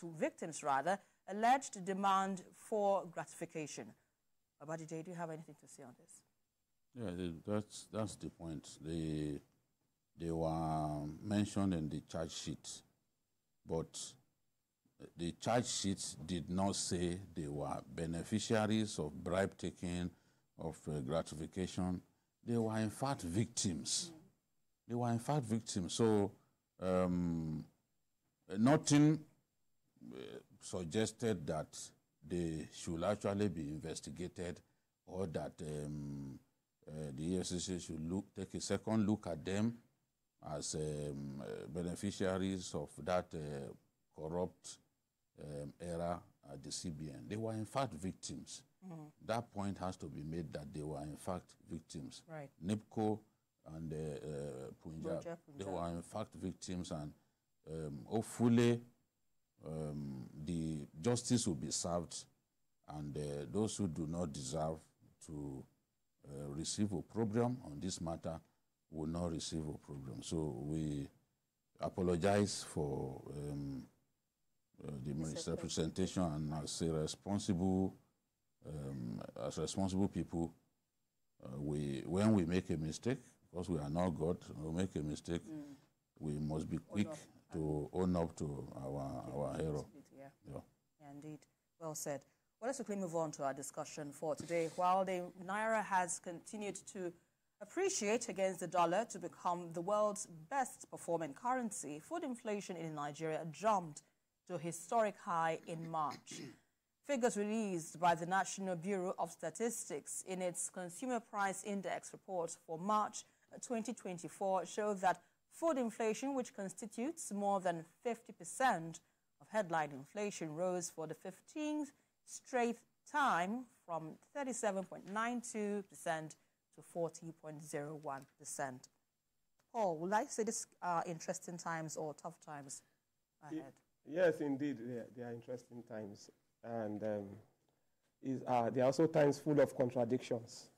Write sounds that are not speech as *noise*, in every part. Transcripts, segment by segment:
To victims rather, alleged demand for gratification. Abadije, do you have anything to say on this? Yeah, that's, that's the point. They, they were mentioned in the charge sheet, but the charge sheet did not say they were beneficiaries of bribe taking, of uh, gratification. They were in fact victims. Mm. They were in fact victims. So um, nothing uh, suggested that they should actually be investigated or that um, uh, the EFCC should look, take a second look at them as um, uh, beneficiaries of that uh, corrupt um, era at the CBN. They were in fact victims. Mm -hmm. That point has to be made that they were in fact victims. Right. NIPCO and uh, uh, Punjab, Punjab, Punjab, they were in fact victims and um, hopefully um, the justice will be served, and uh, those who do not deserve to uh, receive a problem on this matter will not receive a problem. So we apologize for um, uh, the and as responsible um, as responsible people, uh, we when we make a mistake, because we are not God, we make a mistake, mm. we must be quick to own up to our, our hero. Yeah. yeah. yeah, indeed. Well said. Well, let's quickly move on to our discussion for today. While the Naira has continued to appreciate against the dollar to become the world's best performing currency, food inflation in Nigeria jumped to a historic high in March. *clears throat* Figures released by the National Bureau of Statistics in its Consumer Price Index report for March 2024 show that Food inflation, which constitutes more than 50% of headline inflation, rose for the 15th straight time from 37.92% to 40.01%. Paul, would I say these are uh, interesting times or tough times ahead? Yes, indeed, they are, they are interesting times. And um, is, uh, they are also times full of contradictions.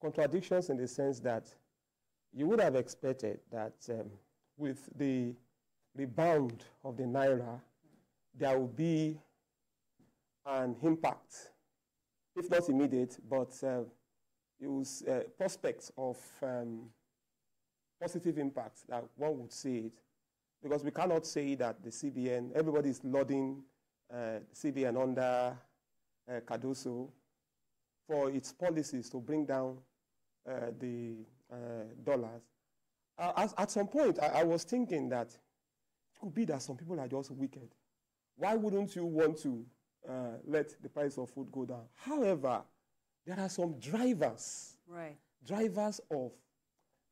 Contradictions in the sense that you would have expected that um, with the rebound of the naira, there will be an impact, if not immediate, but uh, it was uh, prospects of um, positive impact that one would see it, because we cannot say that the CBN, everybody is loading uh, CBN under uh, Cardoso for its policies to bring down uh, the uh, dollars. Uh, as, at some point, I, I, was thinking that it could be that some people are just wicked. Why wouldn't you want to uh, let the price of food go down? However, there are some drivers, right. drivers of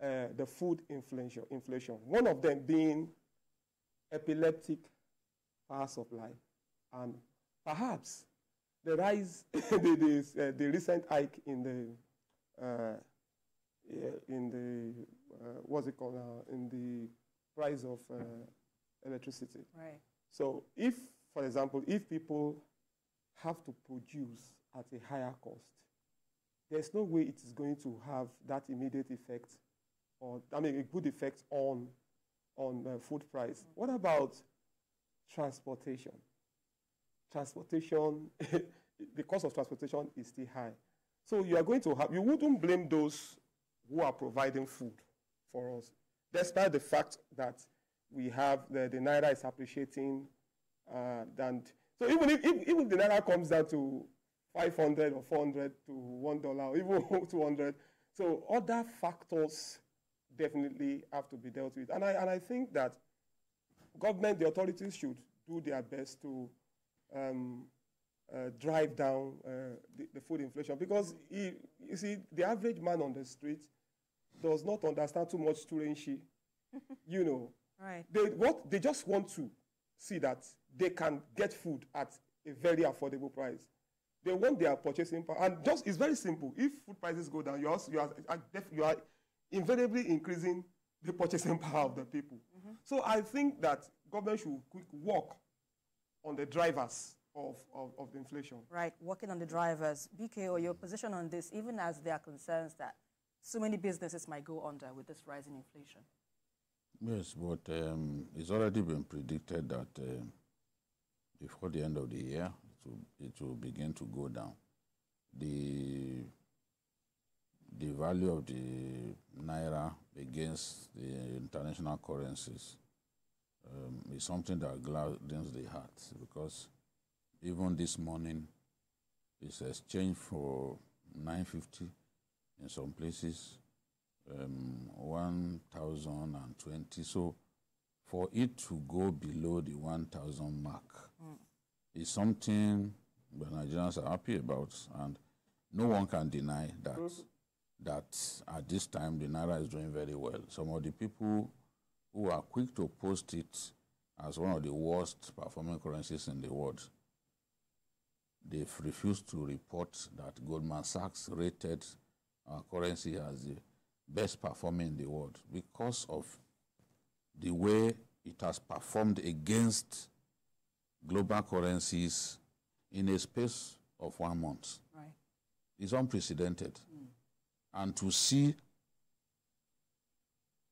uh, the food inflation, inflation. One of them being epileptic power supply, and perhaps the rise, *coughs* the, the, uh, the recent hike in the uh, in the uh, what's it called in the price of uh, electricity. Right. So if, for example, if people have to produce at a higher cost, there's no way it is going to have that immediate effect, or I mean, a good effect on on uh, food price. Mm -hmm. What about transportation? Transportation, *laughs* the cost of transportation is still high. So you are going to have, you wouldn't blame those who are providing food for us, despite the fact that we have the, the naira is appreciating. Uh, and so even if, if, even the naira comes down to 500 or 400 to one dollar, even *laughs* 200, so other factors definitely have to be dealt with. And I and I think that government, the authorities should do their best to um, uh, drive down uh, the, the, food inflation because he, you see the average man on the street does not understand too much Turenshi. *laughs* you know. Right. They, what, they just want to see that they can get food at a very affordable price. They want their purchasing power. And just, it's very simple. If food prices go down, you, you, are, you are invariably increasing the purchasing *laughs* power of the people. Mm -hmm. So I think that government should work on the drivers of, of, of inflation. Right, working on the drivers. BKO, your position on this, even as there are concerns that so many businesses might go under with this rising inflation. Yes, but um, it's already been predicted that uh, before the end of the year, it will, it will, begin to go down. The the value of the naira against the international currencies um, is something that gladdens the heart because even this morning, it's exchanged for 950 in some places um, 1,020. So for it to go below the 1,000 mark mm. is something the Nigerians are happy about, and no one can deny that. Mm. That at this time the naira is doing very well. Some of the people who are quick to post it as one of the worst performing currencies in the world, they've refused to report that Goldman Sachs rated our uh, currency as the best performing in the world because of the way it has performed against global currencies in a space of one month. Right. It's unprecedented. Mm. And to see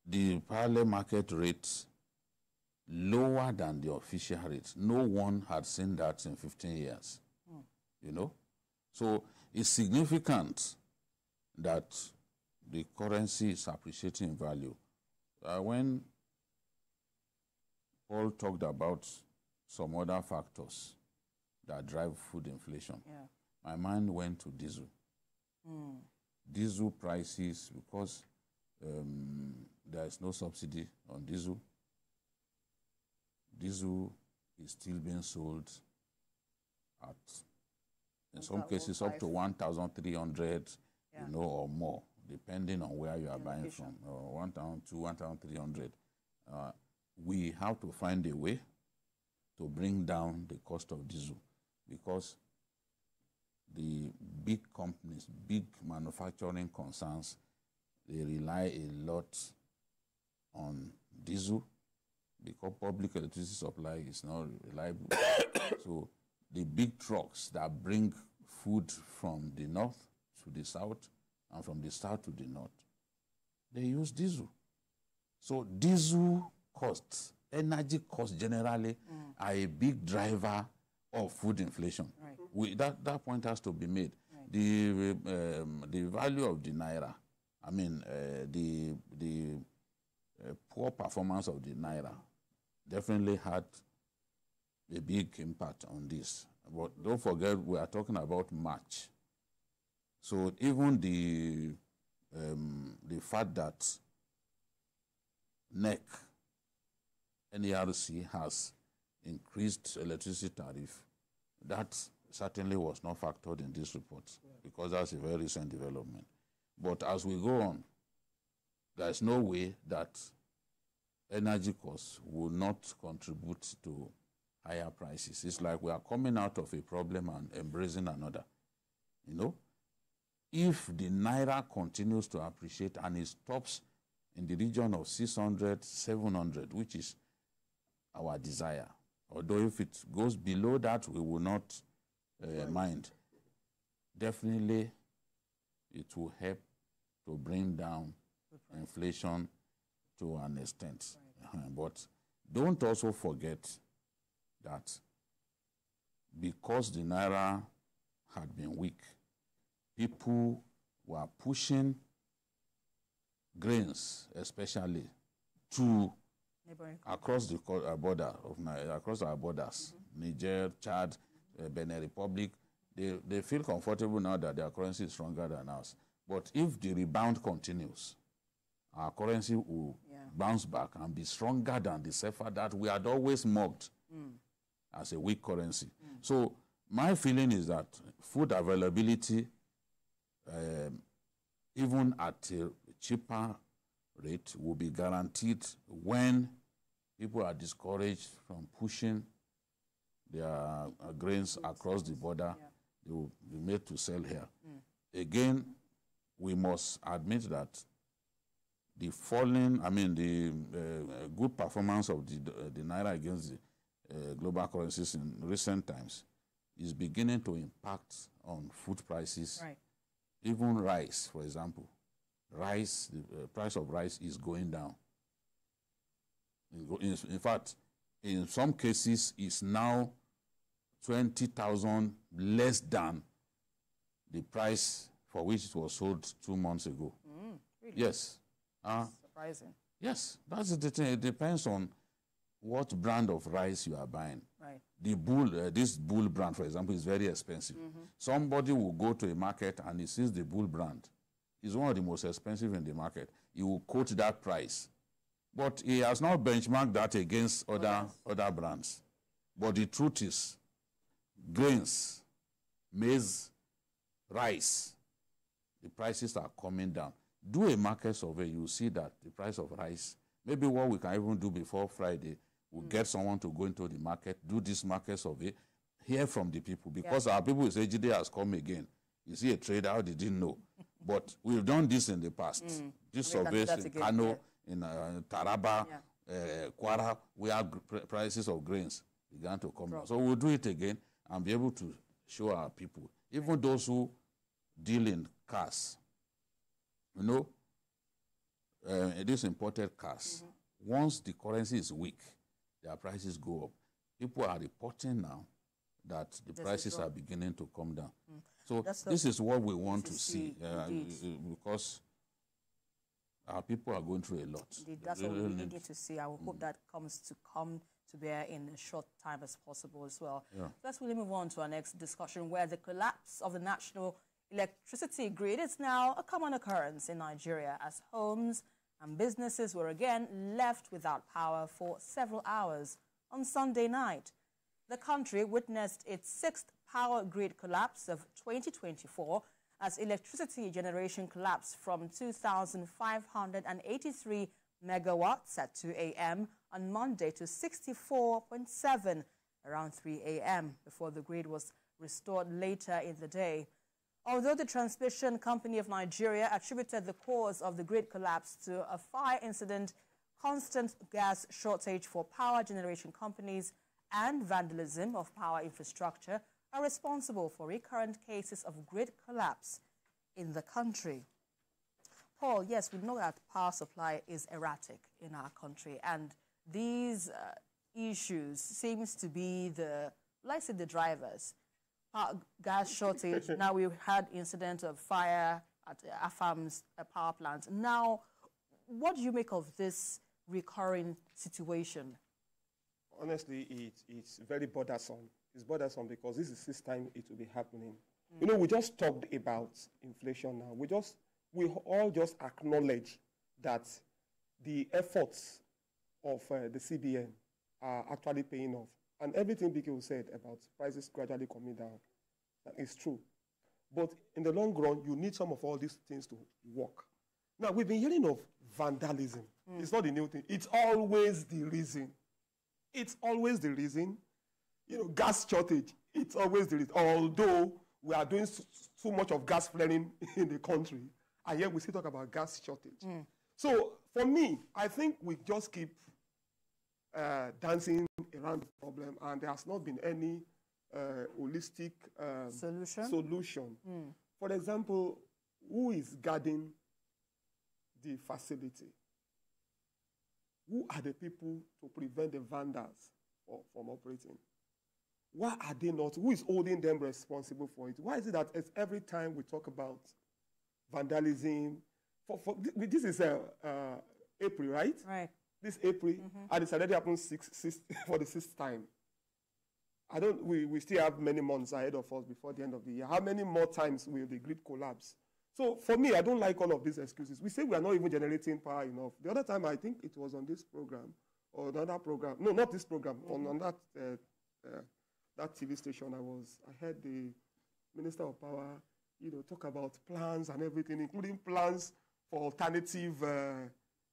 the parallel market rates lower than the official rate, no one had seen that in 15 years. Mm. You know? So it's significant that the currency is appreciating in value. Uh, when Paul talked about some other factors that drive food inflation, yeah. my mind went to diesel. Mm. Diesel prices, because um, there is no subsidy on diesel, diesel is still being sold at, in some cases, up to 1,300 yeah. you know, or more, depending on where you are buying from, uh, one thousand, two, one thousand three hundred. Uh, we have to find a way to bring down the cost of diesel because the big companies, big manufacturing concerns, they rely a lot on diesel because public electricity supply is not reliable. *coughs* so the big trucks that bring food from the north to the south and from the south to the north. They use diesel. So diesel costs, energy costs generally mm. are a big driver of food inflation. Right. We, that, that point has to be made. Right. The, um, the value of the naira, I mean, uh, the, the uh, poor performance of the naira definitely had a big impact on this. But don't forget, we are talking about March. So even the um, the fact that NEC NERC has increased electricity tariff, that certainly was not factored in this report yeah. because that's a very recent development. But as we go on, there is no way that energy costs will not contribute to higher prices. It's like we are coming out of a problem and embracing another. You know, if the naira continues to appreciate and it stops in the region of 600, 700, which is our desire. Although if it goes below that, we will not uh, mind. Definitely, it will help to bring down inflation to an extent. Right. Uh-huh. but don't also forget that because the naira had been weak, people were pushing grains, especially, to across the uh, border of across our borders, mm -hmm. Niger, Chad, uh, Benin Republic, they, they feel comfortable now that their currency is stronger than ours. But if the rebound continues, our currency will yeah. bounce back and be stronger than the CFA that we had always mocked mm. as a weak currency. Mm. So my feeling is that food availability um, even at a cheaper rate, will be guaranteed when people are discouraged from pushing their grains across the border. Yeah. They will be made to sell here. Mm. Again, we must admit that the falling, I mean, the uh, uh, good performance of the, uh, the naira against the uh, global currencies in recent times is beginning to impact on food prices right even rice, for example, rice, the uh, price of rice is going down. In, fact, in some cases, it's now 20,000 less than the price for which it was sold two months ago. Mm, really? Yes. Uh, Surprising. Yes, that's the thing. It depends on what brand of rice you are buying. Right. The bull, uh, this bull brand, for example, is very expensive. Mm -hmm. Somebody will go to a market and he sees the bull brand. It's one of the most expensive in the market. He will quote that price. But he has not benchmarked that against other, oh, other brands. But the truth is, grains, maize, rice, the prices are coming down. Do a market survey, you see that the price of rice, maybe what we can even do before Friday, we we'll hmm. get someone to go into the market, do this market survey, hear from the people. Because yeah. our people say, Jide has come again. Is he a trader? How did he know? *laughs* but we've done this in the past. Mm. This survey in Kano, in uh, Taraba, yeah. uh, Kwara, where prices of grains began to come down. So we'll do it again and be able to show our people, even right. those who deal in cars. You know, uh, these imported cars, mm -hmm. once the currency is weak, their prices go up. People are reporting now that the prices are beginning to come down. Mm. So this is what we want to see, see uh, uh, because our people are going through a lot. Indeed. That's what we need to see. I will mm. hope that comes to come to bear in a short time as possible as well. Yeah. Let's really move on to our next discussion where the collapse of the national electricity grid is now a common occurrence in Nigeria as homes, and businesses were again left without power for several hours on Sunday night. The country witnessed its sixth power grid collapse of 2024 as electricity generation collapsed from 2,583 megawatts at 2 a.m. on Monday to 64.7 around 3 a.m. before the grid was restored later in the day. Although the Transmission Company of Nigeria attributed the cause of the grid collapse to a fire incident, constant gas shortage for power generation companies, and vandalism of power infrastructure are responsible for recurrent cases of grid collapse in the country. Paul, yes, we know that power supply is erratic in our country, and these uh, issues seems to be the, let's say, the drivers gas shortage. now we've had incidents of fire at AFAM's uh, power plant. Now, what do you make of this recurring situation? Honestly, it, it's very bothersome. It's bothersome because this is this time it will be happening. Mm. You know, we just talked about inflation now. We just, we all just acknowledge that the efforts of uh, the CBN are actually paying off. And everything BK said about prices gradually coming down, that is true. But in the long run, you need some of all these things to work. Now, we've been hearing of vandalism. Mm. It's not a new thing. It's always the reason. It's always the reason. You know, gas shortage, it's always the reason. Although we are doing so, so much of gas flaring *laughs* in the country, and yet we still talk about gas shortage. Mm. So, for me, I think we just keep uh, dancing around the problem, and there has not been any uh, holistic um, solution. solution. Mm. For example, who is guarding the facility? Who are the people to prevent the vandals or, from operating? Why are they not? Who is holding them responsible for it? Why is it that every time we talk about vandalism, for, for, this is uh, uh, April, right? Right. this April, mm-hmm. and it's already happened six, six, *laughs* for the sixth time. I don't, we, we still have many months ahead of us before the end of the year. How many more times will the grid collapse? So for me, I don't like all of these excuses. We say we are not even generating power enough. The other time, I think it was on this program or another program. No, not this program. Mm-hmm. On, on that, uh, uh, that TV station, I was, I heard the Minister of Power, you know, talk about plans and everything, including plans for alternative uh,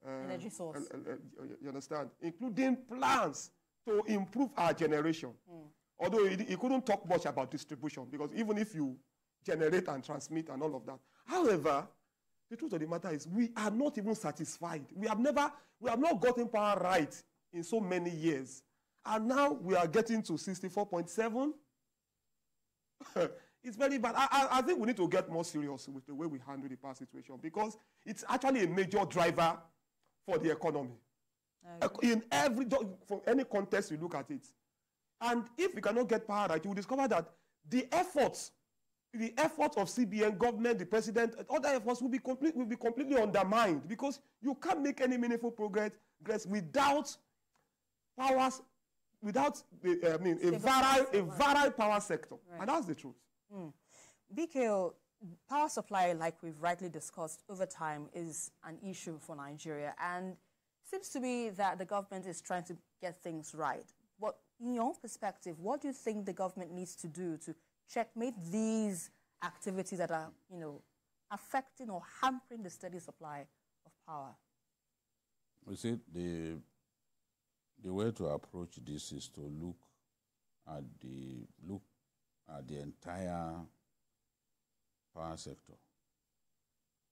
Uh, energy source. you understand? Including plans to improve our generation. Mm. Although he, he couldn't talk much about distribution because even if you generate and transmit and all of that. However, the truth of the matter is we are not even satisfied. We have never, we have not gotten power right in so many years. And now we are getting to 64.7. *laughs* it's very bad. I, I, I think we need to get more serious with the way we handle the power situation because it's actually a major driver for the economy. In every, from any context you look at it. And if you cannot get power right, you will discover that the efforts, the efforts of CBN, government, the president, other efforts will be, complete, will be completely undermined because you can't make any meaningful progress without powers, without, the, I mean, a virile, a virile power sector. Right. And that's the truth. Mm. BKO, power supply, like we've rightly discussed over time, is an issue for Nigeria. And seems to me that the government is trying to get things right. What, in your perspective, what do you think the government needs to do to checkmate these activities that are, you know, affecting or hampering the steady supply of power? You see, the, the way to approach this is to look at the, look at the entire power sector.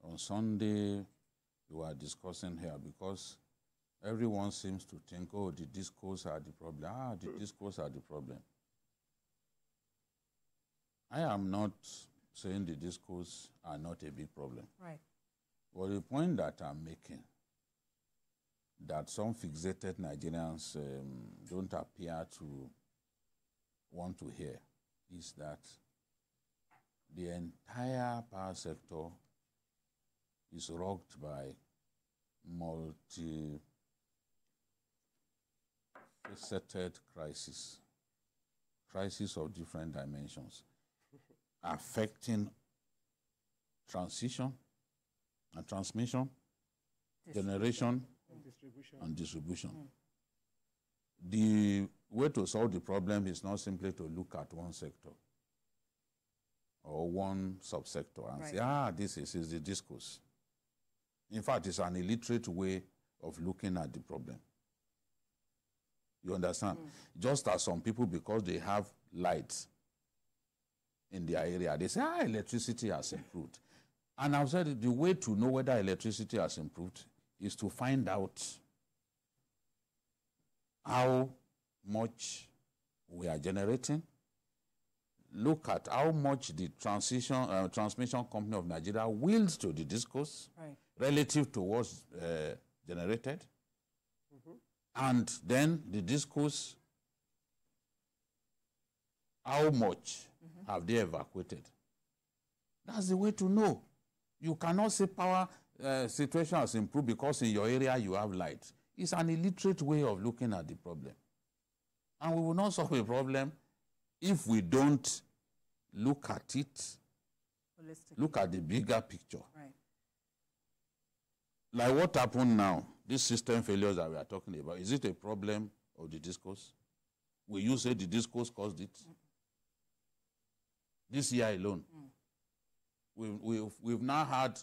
On Sunday, we were discussing here because everyone seems to think, oh, the discourse are the problem. Ah, the discourse are the problem. I am not saying the discourse are not a big problem. Right. But the point that I'm making, that some fixated Nigerians um, don't appear to want to hear, is that the entire power sector is rocked by multi faceted crisis, crisis of different dimensions, affecting transition and transmission, distribution. generation, and distribution. And distribution. Mm. The way to solve the problem is not simply to look at one sector or one subsector and right. say, ah, this is, is the discourse. In fact, it's an illiterate way of looking at the problem. You understand? Mm. Just as some people, because they have lights in their area, they say, ah, electricity has improved. And I've said the way to know whether electricity has improved is to find out how much we are generating, look at how much the transition uh, transmission company of Nigeria wields to the discourse right. relative to what's uh, generated, mm -hmm. and then the discourse. How much mm -hmm. have they evacuated? That's the way to know. You cannot say power uh, situation has improved because in your area you have light. It's an illiterate way of looking at the problem. And we will not *laughs* solve a problem if we don't look at it, look at the bigger picture. Right. Like what happened now, these system failures that we are talking about, is it a problem of the discourse? Will you say the discourse caused it? Mm. This year alone, mm. we've, we've, we've now had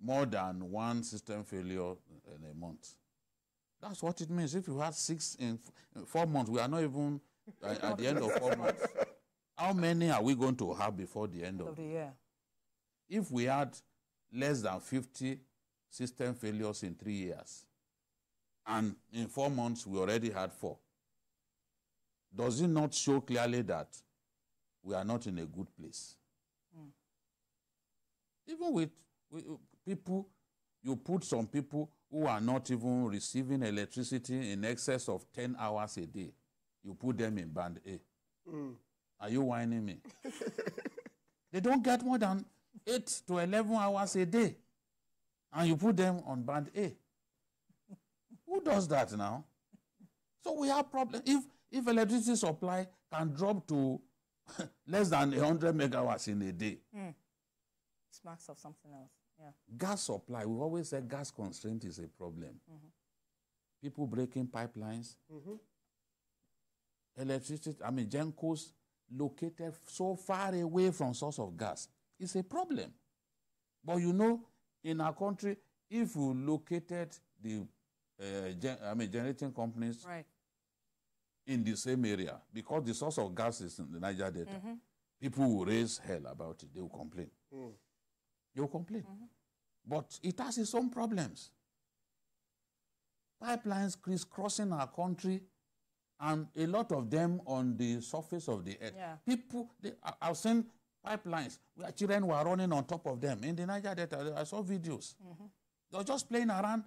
more than one system failure in a month. That's what it means. If you had six in, in four months, we are not even at, at the end of four months, how many are we going to have before the end, end of, of the year? If we had less than 50 system failures in three years, and in four months we already had four, does it not show clearly that we are not in a good place? Mm. Even with, with people, you put some people who are not even receiving electricity in excess of 10 hours a day you put them in band A. Mm. Are you whining me? *laughs* they don't get more than eight to 11 hours a day. And you put them on band A. Who does that now? So we have problems. If, if electricity supply can drop to *laughs* less than 100 megawatts in a day. Mm. Smacks of something else. Yeah. Gas supply, we always say gas constraint is a problem. Mm -hmm. People breaking pipelines, mm -hmm. electricity, I mean, Gencos located so far away from source of gas. It's a problem. But you know, in our country, if you located the uh, gen- I mean, generating companies right. in the same area, because the source of gas is in the Niger Delta, mm-hmm. people will raise hell about it. They will complain. Mm. They will complain. Mm-hmm. But it has its own problems. Pipelines crisscrossing our country and a lot of them on the surface of the earth. Yeah. People, they, I, have seen pipelines where children were running on top of them. In the Niger Delta, I saw videos. Mm -hmm. They were just playing around.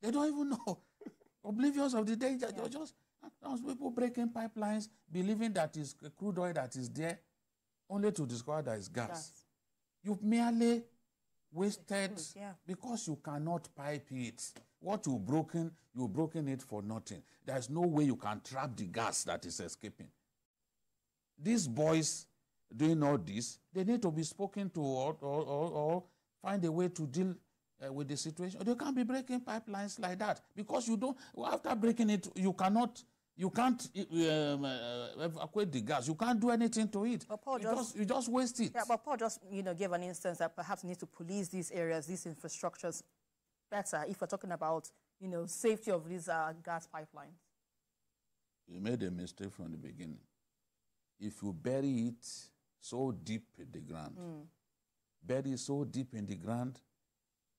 They don't even know. *laughs* Oblivious of the danger. Yeah. They were just those people breaking pipelines, believing that is crude oil that is there, only to discover that it's gas. gas. You've merely wasted yeah. because you cannot pipe it. What you've broken, you've broken it for nothing. There's no way you can trap the gas that is escaping. These boys doing all this, they need to be spoken to or, or, or, or find a way to deal uh, with the situation. They can't be breaking pipelines like that because you don't, after breaking it, you cannot you can't uh, um, uh, evacuate the gas. You can't do anything to it. But Paul you just, just, you just waste it. Yeah, but Paul just you know gave an instance that perhaps needs to police these areas, these infrastructures better if we're talking about, you know, safety of these uh, gas pipelines? You made a mistake from the beginning. If you bury it so deep in the ground, mm. bury so deep in the ground,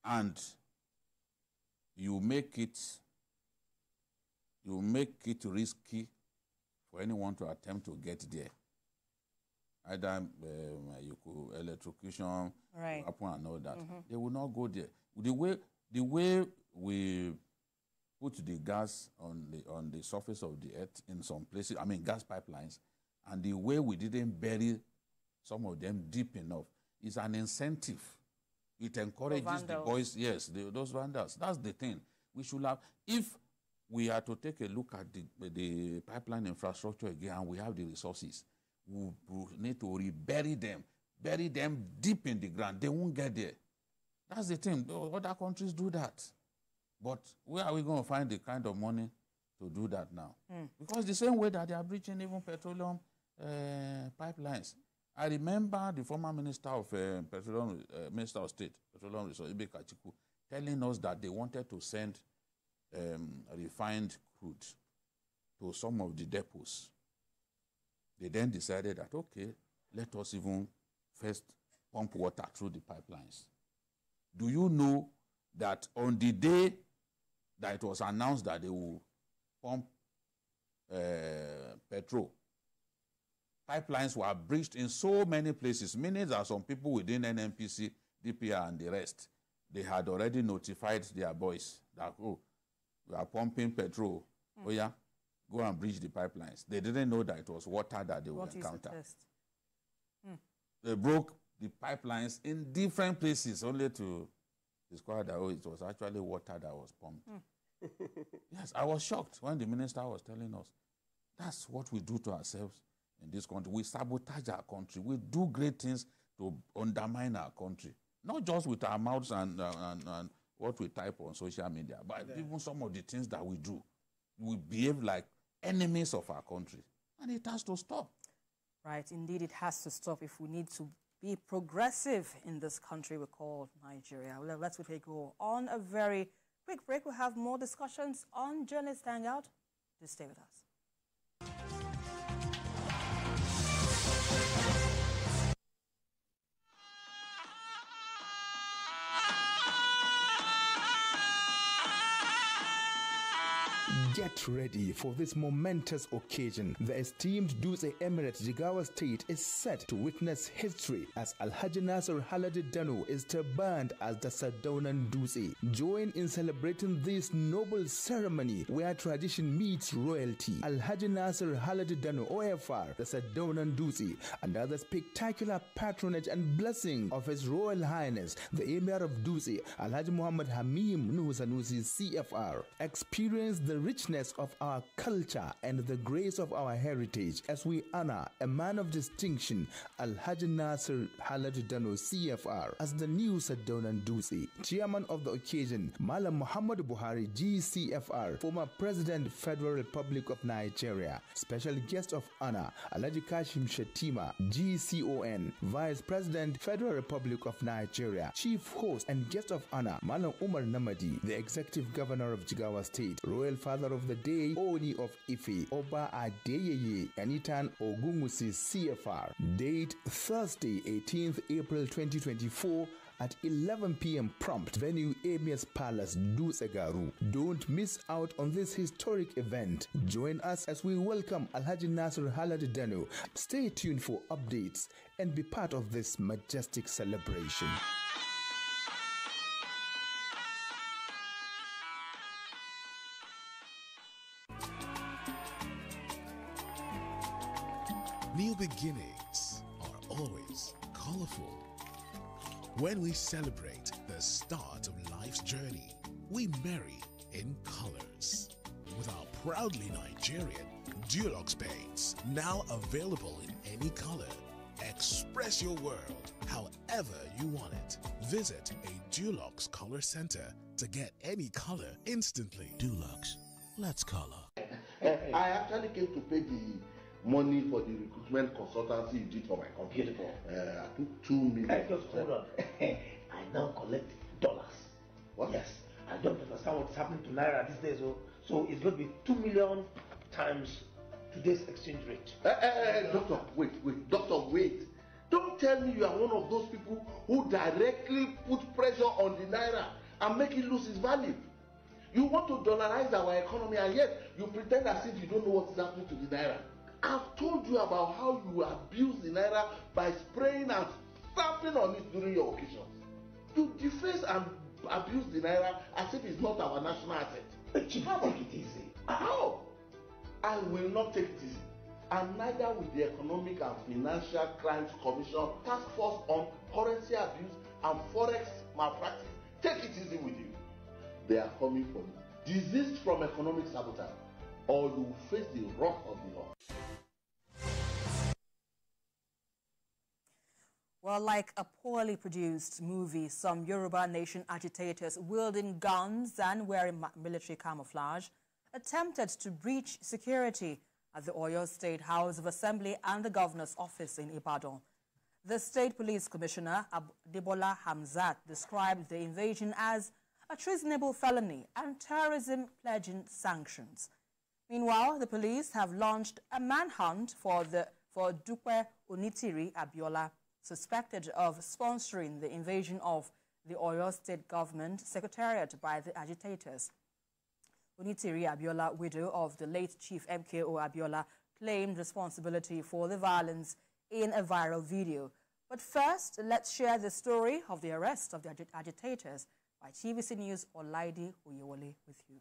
and you make it, you make it risky for anyone to attempt to get there. Either um, you uh, could electrocution, right. and all that. Mm -hmm. They will not go there. The way the way we put the gas on the on the surface of the earth in some places i mean gas pipelines and the way we didn't bury some of them deep enough is an incentive it encourages the, the boys yes the, those vandals that's the thing we should have if we are to take a look at the, the pipeline infrastructure again and we have the resources we, we need to rebury them bury them deep in the ground they won't get there That's the thing. Other countries do that. But where are we going to find the kind of money to do that now? Mm. Because the same way that they are breaching even petroleum uh, pipelines. I remember the former minister of uh, petroleum, uh, minister of state, petroleum resources, Ibe Kachiku, telling us that they wanted to send um, refined crude to some of the depots. They then decided that, okay, let us even first pump water through the pipelines do you know that on the day that it was announced that they will pump uh, petrol pipelines were breached in so many places meaning that some people within nnpc dpr and the rest they had already notified their boys that oh we are pumping petrol mm. oh yeah go and breach the pipelines they didn't know that it was water that they would encounter the mm. they broke the pipelines in different places only to discover that oh, it was actually water that was pumped. Mm. *laughs* yes, I was shocked when the minister was telling us that's what we do to ourselves in this country. We sabotage our country. We do great things to undermine our country, not just with our mouths and, uh, and, and what we type on social media, but yeah. even some of the things that we do. We behave like enemies of our country, and it has to stop. Right, indeed, it has to stop if we need to be progressive in this country we call Nigeria. Well, let's we take go on a very quick break. We'll have more discussions on Journalist Hangout. Just stay with us. ready for this momentous occasion. The esteemed Duce Emirate Jigawa State is set to witness history as Alhaji Nasser Haladi Dano is turbaned as the Sadonan Duce. Join in celebrating this noble ceremony where tradition meets royalty. Alhaji Nasser Haladi Dano OFR, the Sadonan Duce, under the spectacular patronage and blessing of His Royal Highness, the Emir of Duce, Alhaji Muhammad Hamim Nuhusanusi CFR. Experience the richness grace of our culture and the grace of our heritage as we honor a man of distinction, Alhaji Nasir Halad Dano CFR, as the new and Dutse, chairman of the occasion, Malam Muhammad Buhari GCFR, former President Federal Republic of Nigeria, special guest of honor, Alhaji Kashim Shetima GCON, Vice President Federal Republic of Nigeria, chief host and guest of honor, Malam Umar Namadi, the executive governor of Jigawa State, royal father of the day only of Ife, Oba Adeyeye, Anitan Ogumusi CFR. Date Thursday, 18th April 2024 at 11 p.m. prompt, venue Amias Palace, Dusegaru. Don't miss out on this historic event. Join us as we welcome Alhaji Nasir Halad Dano. Stay tuned for updates and be part of this majestic celebration. New beginnings are always colorful. When we celebrate the start of life's journey, we marry in colors with our proudly Nigerian Dulux paints, now available in any color. Express your world however you want it. Visit a Dulux Color Center to get any color instantly. Dulux, let's color. I actually came to pay the money for the recruitment consultancy you did for my company. Beautiful. Uh, I took two million. Just hold on. *laughs* I now collect dollars. What? Yes. I don't understand what's happening to Naira these days. So, oh. so it's going to be two million times today's exchange rate. Uh, uh, doctor, wait, wait. Doctor, wait. Don't tell me you are one of those people who directly put pressure on the Naira and make it lose its value. You want to dollarize our economy and yet you pretend as if you don't know what's happening to the Naira. I've told you about how you abuse the naira by spraying and stamping on it during your occasions. You deface and abuse the naira as if it's not our national asset. Chief, how take it easy? How? I will not take this, and neither will the Economic and Financial Crimes Commission Task Force on Currency Abuse and Forex Malpractice take it easy with you. They are coming for you. Desist from economic sabotage, or you will face the wrath of the law. like a poorly produced movie, some Yoruba nation agitators wielding guns and wearing military camouflage attempted to breach security at the Oyo State House of Assembly and the Governor's office in Ibadan. The State Police Commissioner, Debola Hamzat, described the invasion as a treasonable felony and terrorism pledging sanctions. Meanwhile, the police have launched a manhunt for, the, for Dupe Onitiri Abiola suspected of sponsoring the invasion of the Oyo State Government Secretariat by the agitators. Unitiri Abiola, widow of the late Chief MKO Abiola, claimed responsibility for the violence in a viral video. But first, let's share the story of the arrest of the agit agitators by TVC News Olaidi Uyewole with you.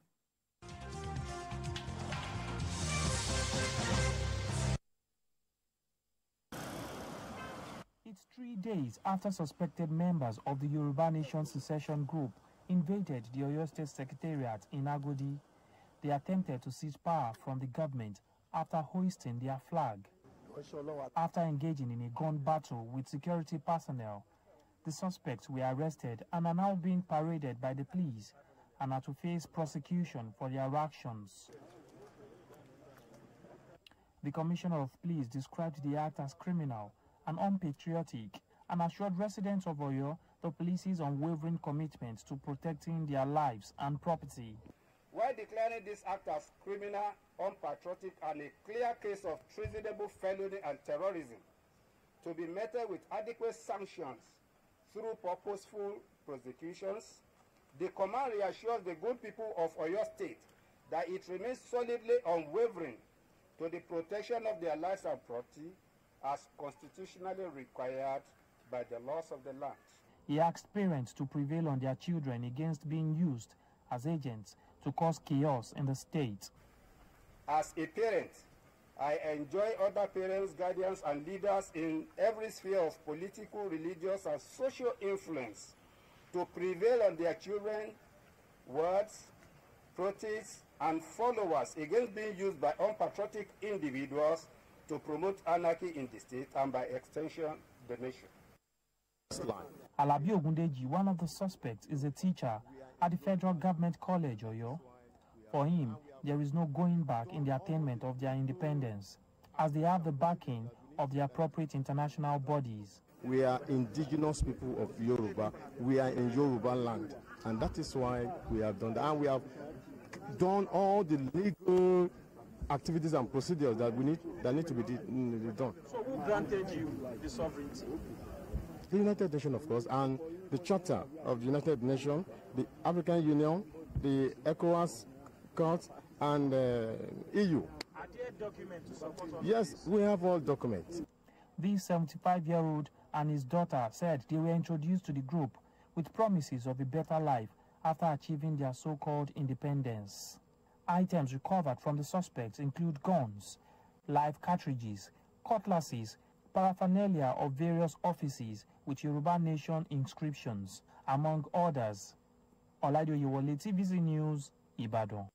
It's three days after suspected members of the Yoruba Nation Secession Group invaded the Oyo State Secretariat in Agodi. They attempted to seize power from the government after hoisting their flag. After engaging in a gun battle with security personnel, the suspects were arrested and are now being paraded by the police and are to face prosecution for their actions. The Commissioner of Police described the act as criminal and unpatriotic and assured residents of Oyo the police's unwavering commitment to protecting their lives and property. While declaring this act as criminal, unpatriotic and a clear case of treasonable felony and terrorism to be met with adequate sanctions through purposeful prosecutions, the command reassures the good people of Oyo State that it remains solidly unwavering to the protection of their lives and property as constitutionally required by the laws of the land. He asked parents to prevail on their children against being used as agents to cause chaos in the state. As a parent, I enjoy other parents, guardians, and leaders in every sphere of political, religious, and social influence to prevail on their children, words, protests, and followers against being used by unpatriotic individuals to promote anarchy in the state and by extension the nation. Alabi Ogundeji, one of the suspects, is a teacher at the Federal Government College, Oyo. For him, there is no going back in the attainment of their independence, as they have the backing of the appropriate international bodies. We are indigenous people of Yoruba. We are in Yoruba land. And that is why we have done that. And we have done all the legal activities and procedures that we need that need to be done. So who granted you the sovereignty? The United Nations, of course, and the Charter of the United Nations, the African Union, the ECOWAS Court, and uh, EU. Are there documents to support all Yes, this? we have all documents. The 75-year-old and his daughter said they were introduced to the group with promises of a better life after achieving their so-called independence. Items recovered from the suspects include guns, live cartridges, cutlasses, paraphernalia of various offices with Yoruba Nation inscriptions, among others. Oladio Yewole, TVC News, Ibadan.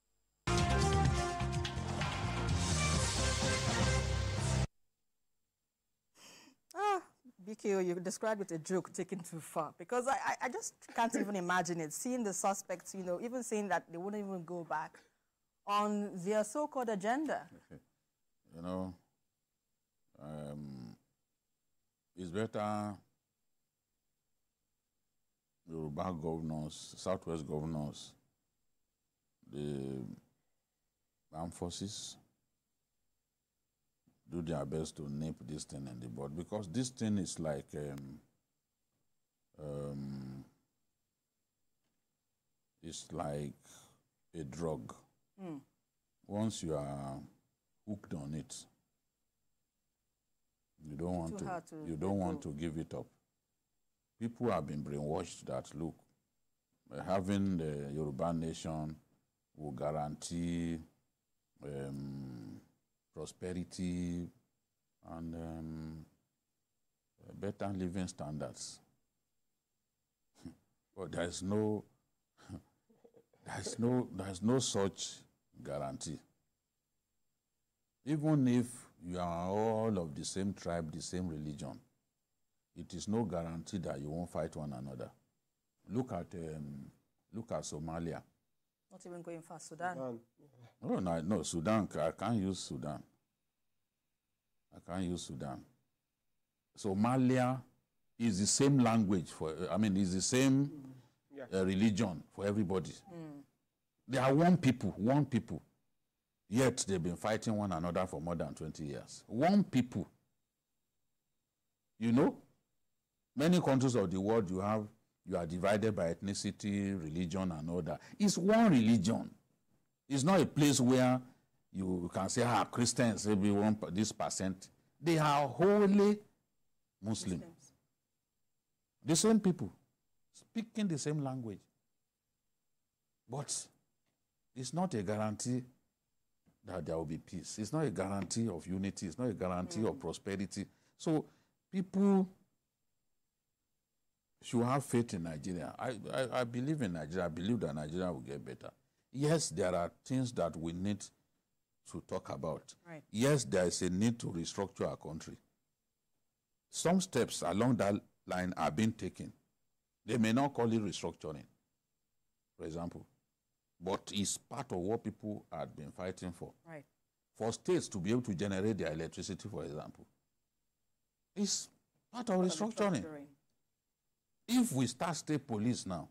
Ah, BKO, you described it a joke taken too far because I, I just can't even imagine it. Seeing the suspects, you know, even saying that they wouldn't even go back on their so-called agenda? you know, um, it's better Yoruba governors, Southwest governors, the armed forces do their best to nip this thing in the bud because this thing is like um, um, it's like a drug. Mm. Once you are hooked on it, you don't want to, to, you don't want to give it up. People have been brainwashed that look, uh, having the Yoruba nation will guarantee um, prosperity and um, uh, better living standards. *laughs* but there's no, *laughs* there's no, there's no such guarantee. Even if you are all of the same tribe, the same religion, it is no guarantee that you won't fight one another. Look at um, look at Somalia. Not even going for Sudan. Sudan. no, no, no, Sudan. I can't use Sudan. I can't use Sudan. Somalia is the same language for. I mean, is the same mm. yeah. uh, religion for everybody. Mm. They are one people, one people. Yet they've been fighting one another for more than 20 years. One people. You know, many countries of the world you have, you are divided by ethnicity, religion, and all that. It's one religion. It's not a place where you can say, ah, Christians, maybe one, this percent. They are wholly Muslim. Muslims. The same people speaking the same language. But it's not a guarantee that there will be peace. It's not a guarantee of unity. It's not a guarantee mm. of prosperity. So people should have faith in Nigeria. I, I, I, believe in Nigeria. I believe that Nigeria will get better. Yes, there are things that we need to talk about. Right. Yes, there is a need to restructure our country. Some steps along that line are being taken. They may not call it restructuring, for example but it's part of what people had been fighting for. Right. For states to be able to generate their electricity, for example, it's part of restructuring. restructuring. If we start state police now,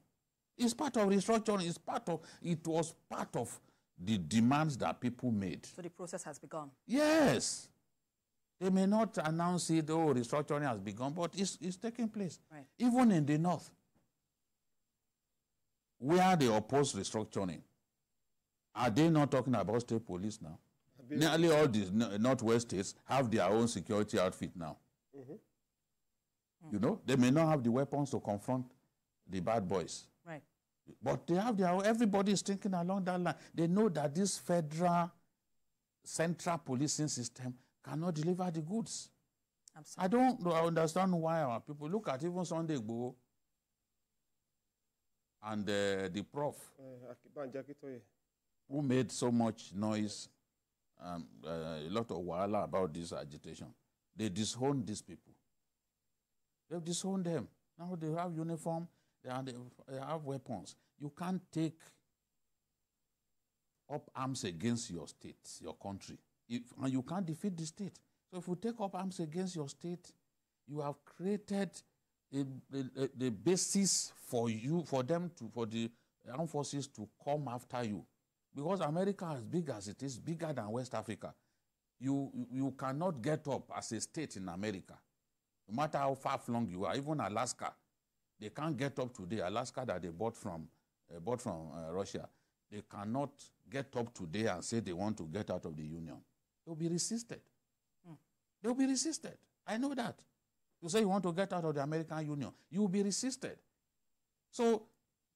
it's part of restructuring. It's part of it was part of the demands that people made. So the process has begun. Yes. They may not announce it, oh, restructuring has begun, but it's, it's taking place. Right. Even in the north, where they oppose restructuring, are they not talking about state police now? Nearly all these Northwest states have their own security outfit now. Mm -hmm. You know, they may not have the weapons to confront the bad boys. Right. But they have their everybody is thinking along that line. They know that this federal central policing system cannot deliver the goods. Absolutely. I don't I understand why our people look at even Sunday Igboho and uh, the prof who made so much noise, um, uh, a lot of wahala about this agitation. They disowned these people. They've disowned them. Now they have uniform, they, are, they have weapons. You can't take up arms against your state, your country, if, and you can't defeat the state. So if you take up arms against your state, you have created a, a, a basis for you for them to for the armed forces to come after you because America as big as it is bigger than West Africa you you cannot get up as a state in America no matter how far flung you are even Alaska they can't get up today Alaska that they bought from uh, bought from uh, Russia they cannot get up today and say they want to get out of the union will be resisted mm. will be resisted I know that You say you want to get out of the American Union, you will be resisted. So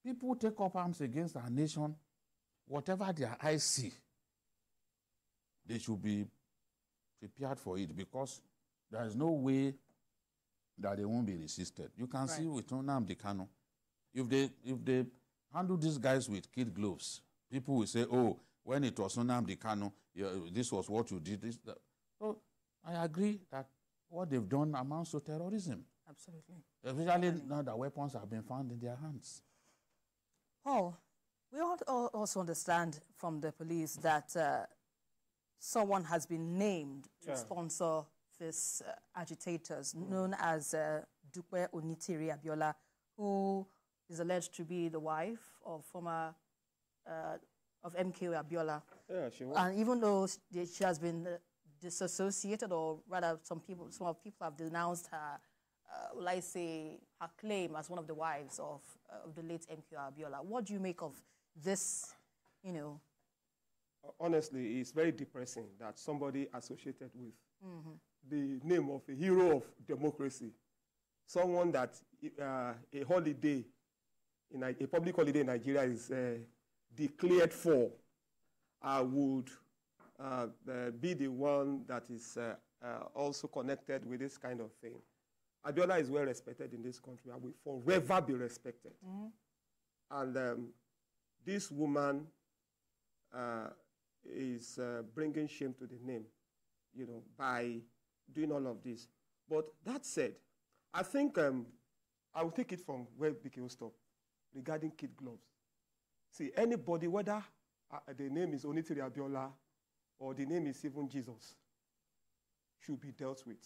people take up arms against our nation, whatever their eyes see, they should be prepared for it because there is no way that they won't be resisted. You can right. see with Nnamdi Kano, if they if they handle these guys with kid gloves, people will say, "Oh, when it was Nnamdi Kano, yeah, this was what you did." This, So I agree that what they've done amounts to terrorism. Absolutely. Especially now that weapons have been found in their hands. Paul, we also understand from the police that uh, someone has been named to yeah. sponsor these uh, agitators, mm. known as uh, Dupe Onitiri Abiola, who is alleged to be the wife of former uh, of MKO Abiola. Yeah, she was. And even though she has been uh, disassociated, or rather, some people, some people have denounced her, uh, will I say, her claim as one of the wives of, uh, of the late MQ Abiola. What do you make of this, you know? Honestly, it's very depressing that somebody associated with mm -hmm. the name of a hero of democracy, someone that uh, a holiday, in a, a, public holiday in Nigeria is uh, declared for, I would uh, uh, be the one that is uh, uh, also connected with this kind of thing. Abiola is well respected in this country and will forever be respected. Mm -hmm. And um, this woman is bringing shame to the name, you know, by doing all of this. But that said, I think um, I will take it from where will stopped regarding kid gloves. See, anybody, whether uh, the name is Onitiri Abiola or the name is even Jesus, should be dealt with.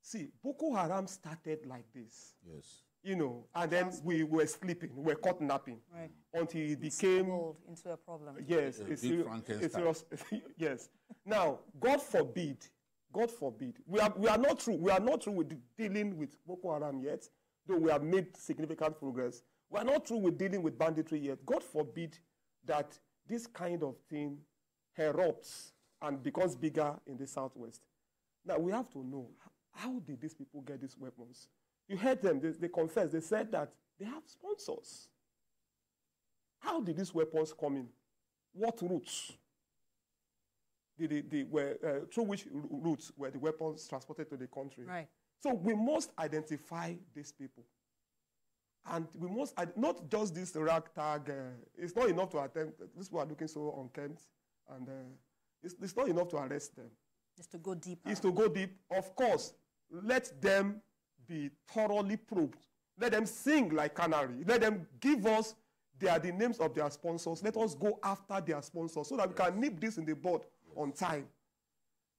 See, Boko Haram started like this. Yes. You know, and then we were sleeping, we were caught napping right. until it it's became into a problem. Yes, a it's, it's, it's, *laughs* yes. now, God forbid, God forbid, we are we are not through. We are not through with dealing with Boko Haram yet, though we have made significant progress. We are not through with dealing with banditry yet. God forbid that this kind of thing erupts and becomes bigger in the southwest. Now, we have to know, how did these people get these weapons? You heard them, they, they confessed, they said that they have sponsors. How did these weapons come in? What routes? Did they the, uh, through which routes were the weapons transported to the country? Right. So we must identify these people. And we must, not just this ragtag, uh, it's not enough to attempt, these people are looking so unkempt. And uh, it's, it's not enough to arrest them. It's to go deep. It's to go deep. Of course, let them be thoroughly probed. Let them sing like canary. Let them give us their the names of their sponsors. Let us go after their sponsors so that we can nip this in the bud on time.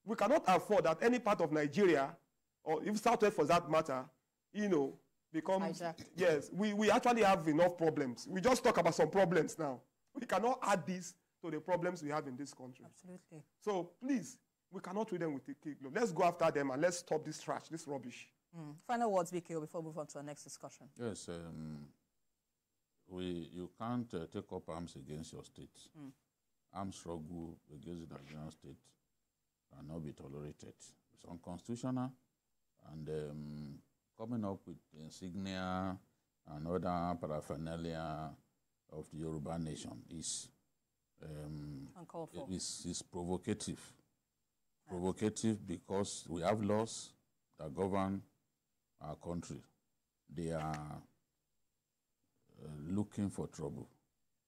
We cannot afford that any part of Nigeria, or even Southwest for that matter, you know, becomes. Hijacked. Yes, we, we actually have enough problems. We just talk about some problems now. We cannot add this to the problems we have in this country. Absolutely. So please, we cannot treat them with a kid glove. Let's go after them and let's stop this trash, this rubbish. Mm. Final words, BKO, before we move on to our next discussion. Yes, um, we, you can't uh, take up arms against your state. Mm. Armed struggle against the Nigerian state cannot be tolerated. It's unconstitutional, and um, coming up with insignia and other paraphernalia of the Yoruba nation is um, uncalled for. Is, provocative. Provocative because we have laws that govern our country. They are uh, looking for trouble.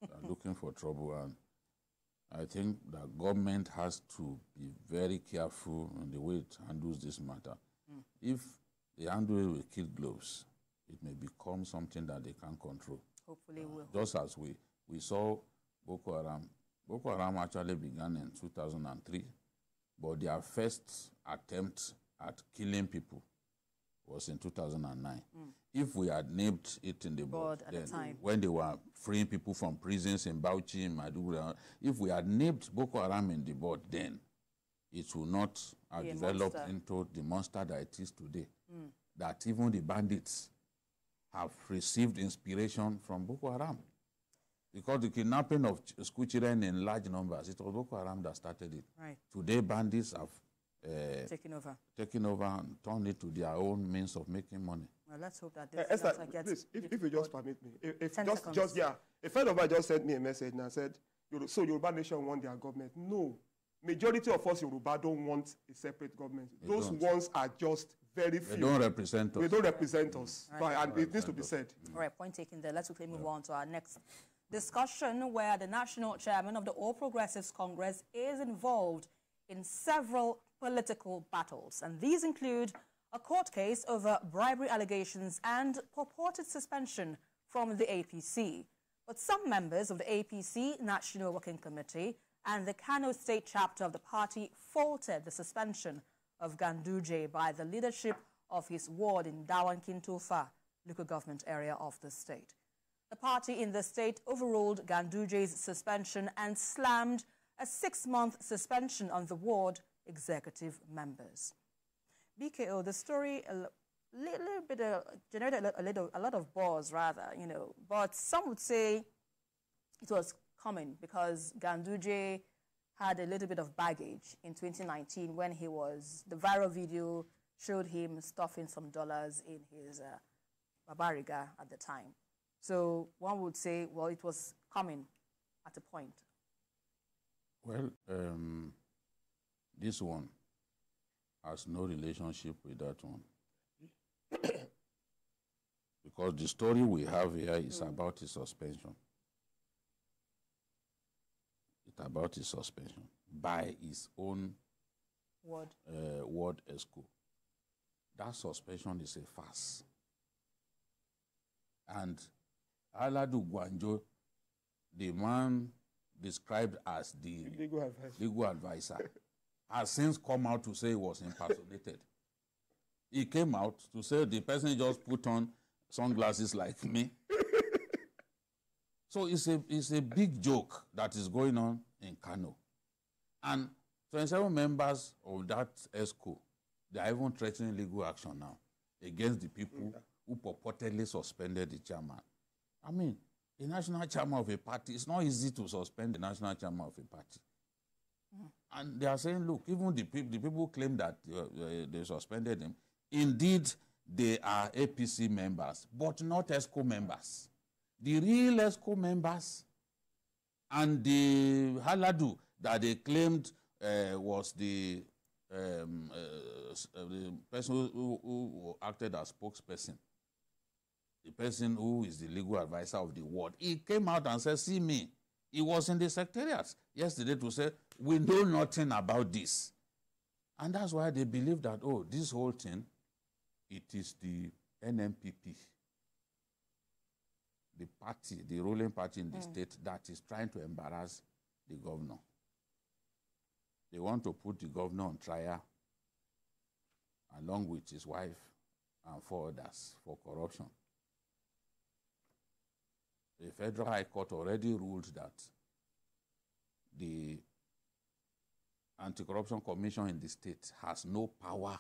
they are looking for trouble, and I think the government has to be very careful in the way it handles this matter. Mm. If they handle it with kid gloves, it may become something that they can't control. Hopefully, uh, will. Just as we we saw Boko Haram Boko Haram actually began in 2003, but their first attempt at killing people was in 2009. Mm. If we had named it in the board, board then, the when they were freeing people from prisons in Bauchi, in Madura, if we had named Boko Haram in the board then, it would not have Be developed into the monster that it is today. Mm. That even the bandits have received inspiration from Boko Haram because the kidnapping of school children in large numbers, it was Boko Haram that started it. Right. Today, bandits have uh, taken over, taken over, and turned it to their own means of making money. Well, let's hope that eh, this uh, Esther, gets. Please, if, if you just permit me, if, if just, just yeah, a friend of mine just sent me a message and I said, so Yoruba nation want their government. No, majority of us Yoruba don't want a separate government. They Those don't. ones are just very few. They don't represent us. They don't represent us, right. and it needs to be said. All right, point taken there. Let's quickly move yeah. on to our next. discussion where the national chairman of the All Progressives Congress is involved in several political battles. And these include a court case over bribery allegations and purported suspension from the APC. But some members of the APC National Working Committee and the Kano State chapter of the party faulted the suspension of Ganduje by the leadership of his ward in Dawan Kintufa, local government area of the state. The party in the state overruled Ganduje's suspension and slammed a six-month suspension on the ward executive members. BKO, the story a little bit uh, generated a, little, a lot of buzz, rather, you know, but some would say it was coming because Ganduje had a little bit of baggage in 2019 when he was, the viral video showed him stuffing some dollars in his uh, babariga at the time. So one would say, well, it was coming at a point. Well, um, this one has no relationship with that one. *coughs* because the story we have here is mm. about his suspension. It's about his suspension by his own word, uh, word esco. That suspension is a farce. And Aladu Gwanjo, the man described as the legal advisor, legal advisor has since come out to say he was impersonated. he came out to say the person just put on sunglasses like me. so it's a, it's a big joke that is going on in Kano. And 27 members of that ESCO, they are even threatening legal action now against the people who purportedly suspended the chairman. I mean, a national chairman of a party, it's not easy to suspend the national chairman of a party. Mm. And they are saying, look, even the, pe- the people claim that uh, uh, they suspended him. Indeed, they are APC members, but not ESCO members. The real ESCO members and the Haladu that they claimed uh, was the, um, uh, uh, the person who, who acted as spokesperson the person who is the legal advisor of the ward, he came out and said, See me. He was in the secretariat yesterday to say, We know nothing about this. And that's why they believe that, oh, this whole thing, it is the NMPP, the party, the ruling party in the mm. state that is trying to embarrass the governor. They want to put the governor on trial along with his wife and four others for corruption the Federal High Court already ruled that the Anti-Corruption Commission in the state has no power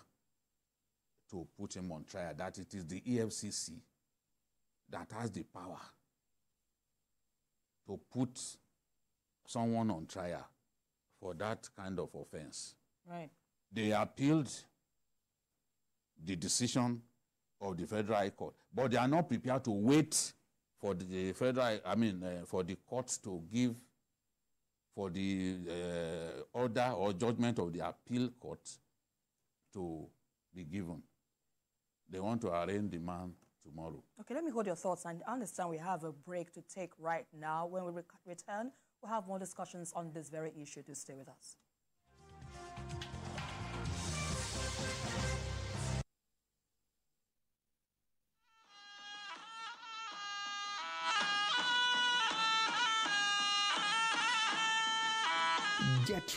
to put him on trial, that it is the EFCC that has the power to put someone on trial for that kind of offense. Right. They appealed the decision of the Federal High Court, but they are not prepared to wait for the federal, I mean, uh, for the court to give for the uh, order or judgment of the appeal court to be given. They want to arraign the man tomorrow. Okay, let me hold your thoughts. And understand we have a break to take right now. When we re return, we'll have more discussions on this very issue. To stay with us.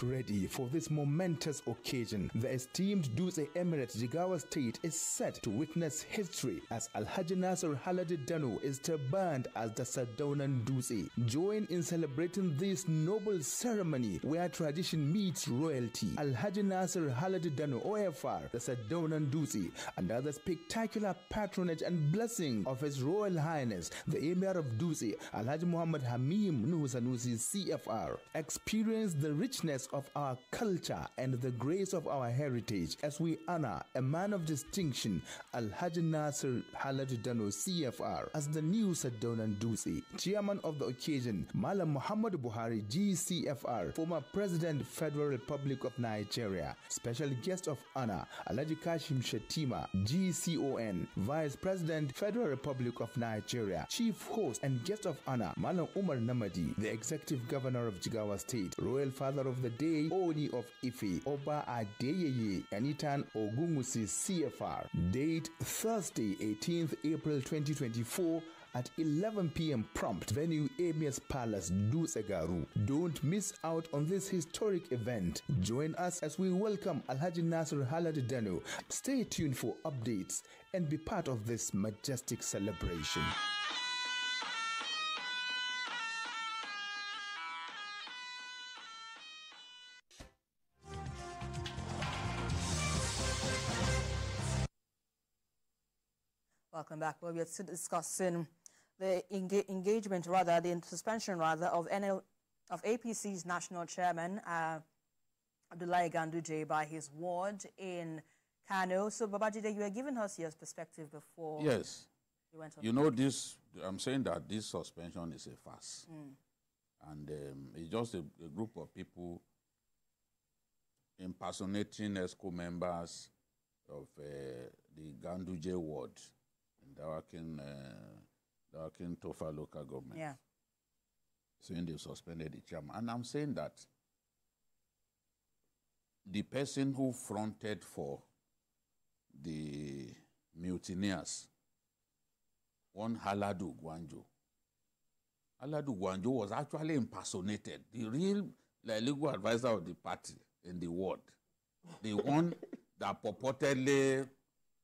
ready for this momentous occasion. The esteemed Dutse Emirate Jigawa State is set to witness history as Alhaji Nasser Haladi Dano is turbaned as the Sardonan Dutse. Join in celebrating this noble ceremony where tradition meets royalty. Alhaji Nasser Haladi Dano OFR, the Sardonan Dutse, under the spectacular patronage and blessing of His Royal Highness, the Emir of Dutse, Alhaji Muhammad Hamim Nuhusanusi CFR. Experience the richness of our culture and the grace of our heritage as we honor a man of distinction, Alhaji Nasir Haladudano CFR, as the new and Dusi, chairman of the occasion, Malam Muhammad Buhari GCFR, former President Federal Republic of Nigeria, special guest of honor, Alhaji Kashim Shatima GCON, Vice President Federal Republic of Nigeria, chief host and guest of honor, Malam Umar Namadi, the executive governor of Jigawa State, royal father of the day only of Ife, Oba Adeyeye, Anitan Ogungusi CFR. Date Thursday, 18th April 2024 at 11 p.m. prompt. Venue Amias Palace, Dusegaru. Don't miss out on this historic event. Join us as we welcome Alhaji Nasir Halad Dano. Stay tuned for updates and be part of this majestic celebration. welcome back. Well, we are discussing the enga engagement, rather, the suspension, rather, of, NL of APC's national chairman, uh, Abdullahi Ganduje, by his ward in Kano. So, Babajide, you were giving us your perspective before. Yes. You, went on you know, this, I'm saying that this suspension is a farce. Mm. And um, it's just a, a group of people impersonating ESCO members of uh, the Ganduje ward Dawakin, uh, Dawakin Tofa local government. Yeah. Saying they suspended the chairman. And I'm saying that the person who fronted for the mutineers, one Haladu Guanjo. Haladu Guanjo was actually impersonated. The real legal advisor of the party in the world. The one that purportedly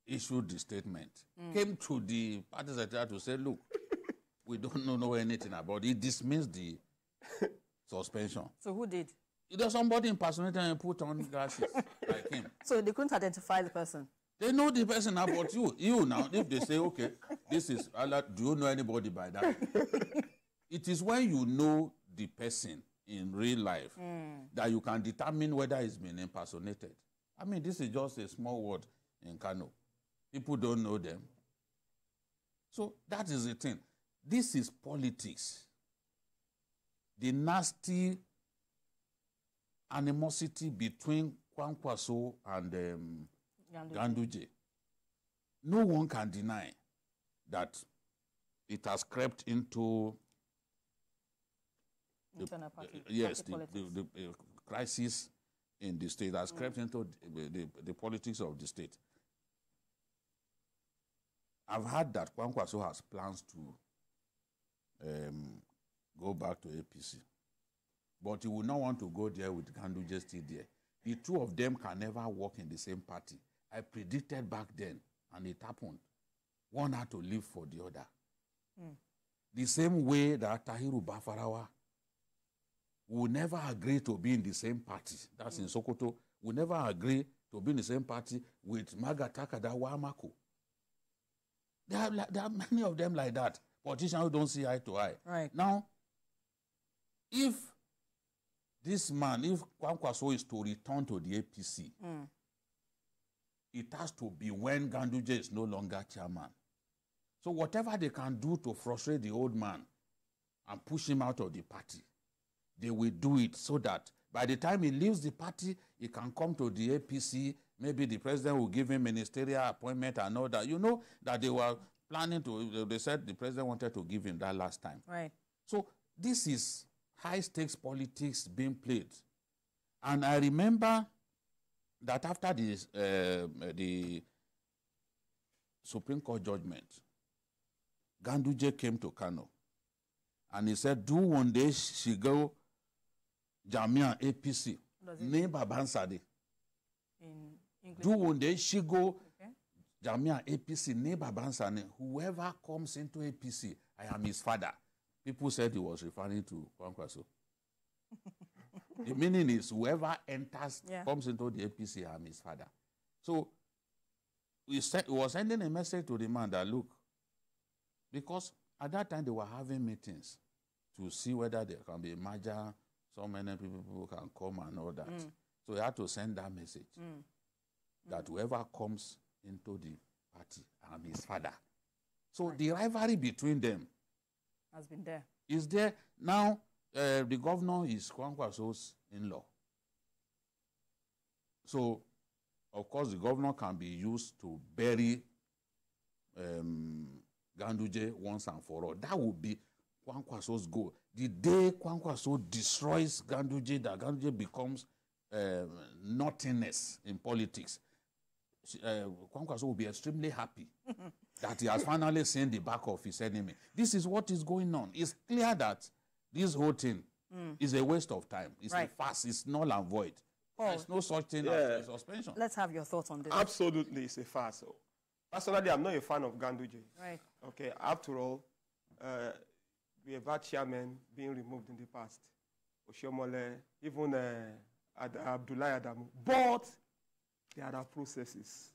issued the statement, mm. came to the party secretary to say, look, we don't know, know anything about it. He dismissed the *laughs* suspension. So who did? There's somebody impersonating and put on glasses *laughs* like him. So they couldn't identify the person? They know the person about you. You now, if they say, okay, this is Allah, do you know anybody by that? *laughs* it is when you know the person in real life mm. that you can determine whether it's been impersonated. I mean, this is just a small word in Kano. People don't know them. So that is the thing. This is politics. The nasty animosity between Kwankwaso and um, Ganduje. No one can deny that it has crept into the, party, uh, yes, the, the, the uh, crisis in the state has mm. crept into the, the politics of the state. I've heard that Kwankwaso has plans to um, go back to APC. But he would not want to go there with Gandu still there. The two of them can never work in the same party. I predicted back then, and it happened. One had to leave for the other. Mm. The same way that Tahiru Bafarawa will never agree to be in the same party. That's mm. in hmm. Sokoto. Will never agree to be in the same party with Magataka Dawamako. There are, there are many of them like that. Politicians who don't see eye to eye. Right. Now, if this man, if Kwankwaso is to return to the APC, mm. it has to be when Ganduje is no longer chairman. So whatever they can do to frustrate the old man and push him out of the party, they will do it so that by the time he leaves the party, he can come to the APC Maybe the president will give him ministerial appointment and all that. You know that they were planning to, they said the president wanted to give him that last time. Right. So this is high stakes politics being played. And I remember that after this, uh, um, the Supreme Court judgment, Ganduje came to Kano and he said, Do one day she go Jamia APC, name Babansade. In Juwunde Shigo, okay. Jamia APC, neighbor Bansane, whoever comes into APC, I am his father. People said he was referring to Kwankwaso. *laughs* the meaning is whoever enters, yeah. comes into the APC, I am his father. So we sent, he was sending a message to the man that, look, because at that time they were having meetings to see whether there can be a merger, so many people can come and all that. Mm. So he had to send that message. Mm that mm. whoever comes into the party and his father. So right. the rivalry between them has been there. Is there now? Uh, the governor is Kwankwaso's in-law. So, of course, the governor can be used to bury um, Ganduje once and for all. That would be Kwankwaso's goal. The day Kwankwaso destroys Ganduje, that Ganduje becomes um, nothingness in politics uh, eh, Kwankwaso will be extremely happy that he has finally seen the back of his enemy. This is what is going on. It's clear that this whole thing mm. is a waste of time. It's right. a farce. It's null and void. Oh. There's no such thing yeah. as a suspension. Let's have your thoughts on this. Absolutely, it's a farce. Oh. Personally, I'm not a fan of Ganduje. Right. Okay, after all, uh, we have had chairmen being removed in the past. Oshiomole, even uh, Ad Abdullahi Adamu. But There are processes.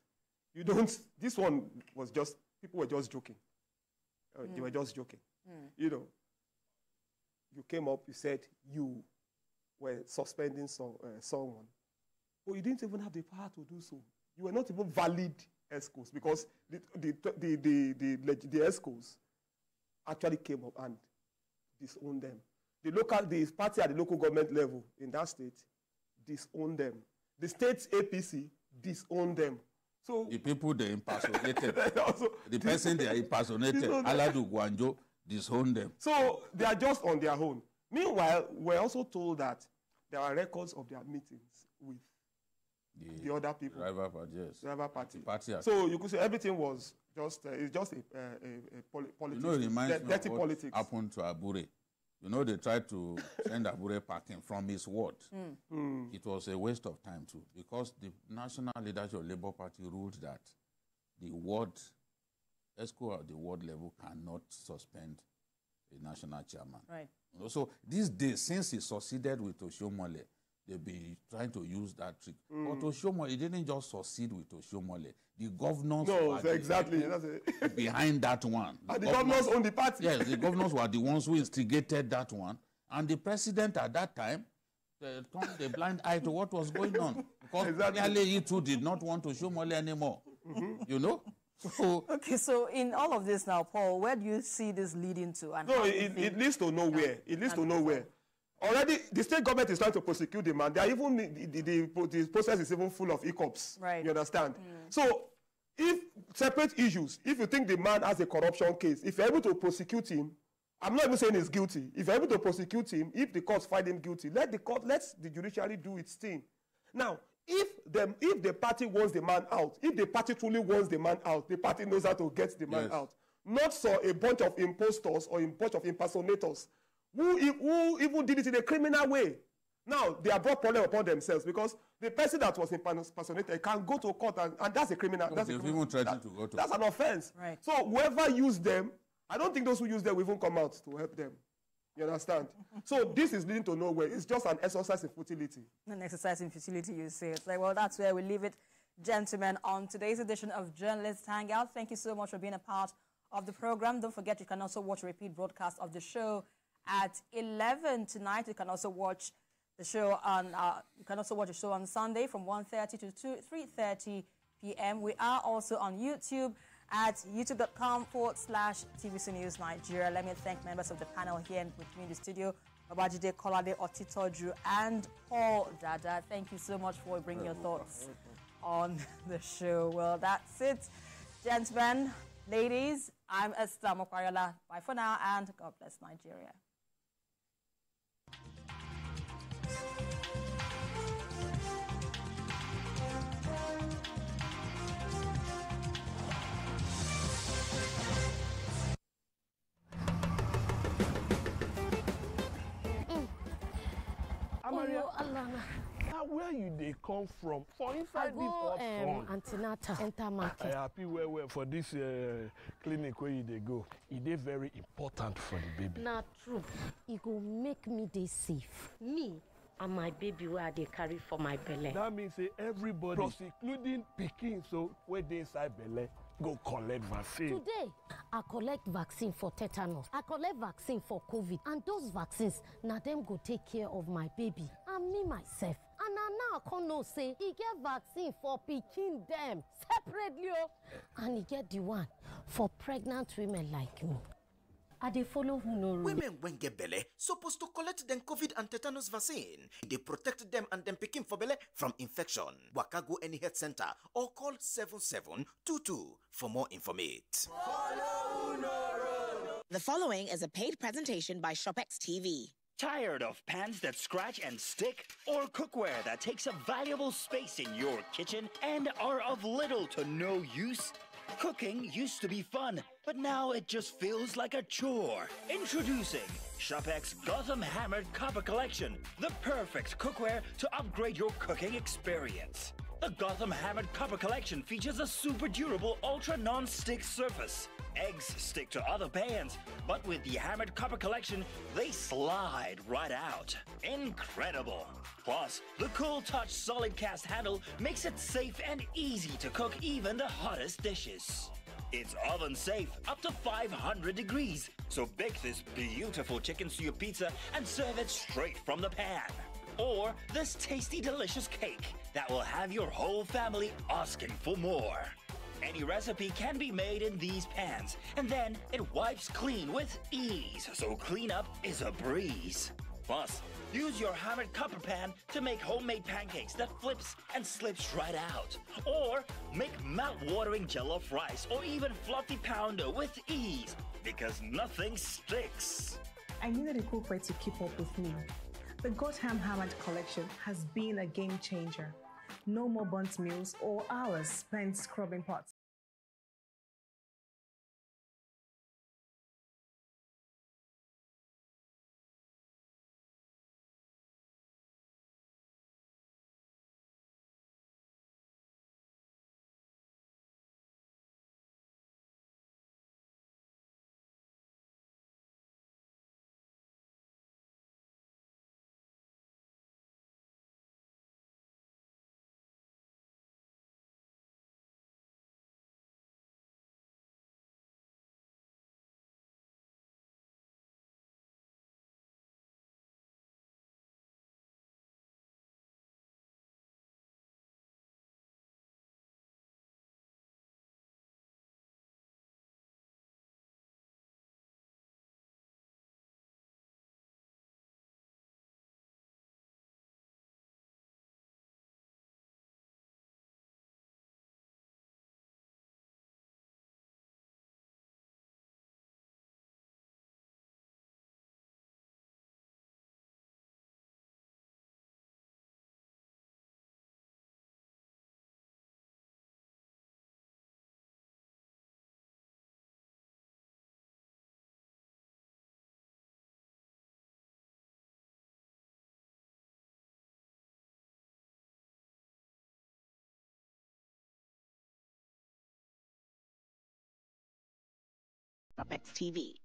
You don't, this one was just, people were just joking. Uh, mm. They were mm. just joking. Mm. You know, you came up, you said you were suspending so, uh, someone, but you didn't even have the power to do so. You were not even valid escorts because the, the, the, the, the, the escorts actually came up and disowned them. The local, the party at the local government level in that state disowned them. The state's APC disown them. So the people they impersonated, also, *laughs* the person they are impersonated, Aladu Guanjo, disown them. So they are just on their own. Meanwhile, we're also told that there are records of their meetings with the, the other people. Rival party, yes. Rival party. party so you could say everything was just uh, it's just a, uh, a, a poli- politics. You know, it reminds dirty me of what politics. happened to Abure You know, they tried to send Abure packing from his ward. Mm. Mm. It was a waste of time, too, because the national leadership of Labour Party ruled that the ward, ESCO at the ward level cannot suspend a national chairman. Right. So these days, since he succeeded with Oshiomole, they've been trying to use that trick. Mm. But Oshomole, he didn't just succeed with Oshomole. The governors no, were so exactly that's it. *laughs* behind that one. The, and the governors, governors own the party. Yes, the governors were the ones who instigated that one. And the president at that time uh, turned a blind eye to what was going on. *laughs* Because exactly. clearly he too did not want Oshomole anymore. Mm-hmm. You know? So, okay, so in all of this now, Paul, where do you see this leading to? And no, it, it leads to nowhere. It leads to nowhere. Already, the state government is trying to prosecute the man. They are even the, the, the process is even full of e-cops. Right. You understand? Mm. So, if separate issues, if you think the man has a corruption case, if you're able to prosecute him, I'm not even saying he's guilty. If you're able to prosecute him, if the courts find him guilty, let the court, let the judiciary do its thing. Now, if the if the party wants the man out, if the party truly wants the man out, the party knows how to get the man yes. out. Not so a bunch of impostors or a bunch of impersonators who, who even did it in a criminal way. Now, they have brought problem upon themselves because the person that was impersonated can go to court and, and that's a criminal. No, that's, a criminal that, to go to that's an offense. Right. So whoever used them, I don't think those who use them will even come out to help them. You understand? *laughs* so this is leading to nowhere. It's just an exercise in futility. An exercise in futility, you say. It's like, well, that's where we leave it, gentlemen, on today's edition of Journalists Hangout. Thank you so much for being a part of the program. Don't forget you can also watch a repeat broadcast of the show at 11 tonight. You can also watch the show on uh, you can also watch the show on Sunday from 1:30 to 3:30 p.m. We are also on YouTube at youtube.com forward slash TVC News Nigeria. Let me thank members of the panel here and with me in the studio. Babajide Kolade Otitoju and Paul Dada. Thank you so much for bringing your thoughts on *laughs* the show. Well, that's it, gentlemen, ladies. I'm Esther Mokwariola. Bye for now and God bless Nigeria. Ah, where you dey come from for inside this hot i go um, antenatal enter *laughs* market. i happy well well for this uh, clinic where you they go It e is very important for the baby. Not true It e go make me they safe. me and my baby wey i dey carry for my belle. that mean say everybody plus including pikin so wey dey inside belle go collect vaccine. today i collect vaccine for tetanus i collect vaccine for covid and those vaccines na dem go take care of my baby and me myself and na now i come know say e get vaccine for pikin dem separately o oh. and e get the one for pregnant women like me. i they follow who know. women when get belle supposed to collect dem covid and tetanus vaccine They protect them and them pikin for belle from infection waka go any health center or call 7722 for more information. the following is a paid presentation by shopex tv Tired of pans that scratch and stick? Or cookware that takes up valuable space in your kitchen and are of little to no use? Cooking used to be fun, but now it just feels like a chore. Introducing ShopEx Gotham Hammered Copper Collection, the perfect cookware to upgrade your cooking experience. The Gotham Hammered Copper Collection features a super durable, ultra non-stick surface. Eggs stick to other pans, but with the Hammered Copper Collection, they slide right out. Incredible! Plus, the Cool Touch solid cast handle makes it safe and easy to cook even the hottest dishes. It's oven safe up to 500 degrees, so bake this beautiful chicken soup pizza and serve it straight from the pan or this tasty, delicious cake that will have your whole family asking for more. Any recipe can be made in these pans, and then it wipes clean with ease, so cleanup is a breeze. Plus, use your hammered copper pan to make homemade pancakes that flips and slips right out. Or make mouth-watering jello rice or even fluffy pounder with ease, because nothing sticks. I needed a cookware to keep up with me. The Gotham Hammond collection has been a game changer. No more burnt meals or hours spent scrubbing pots. from XTV.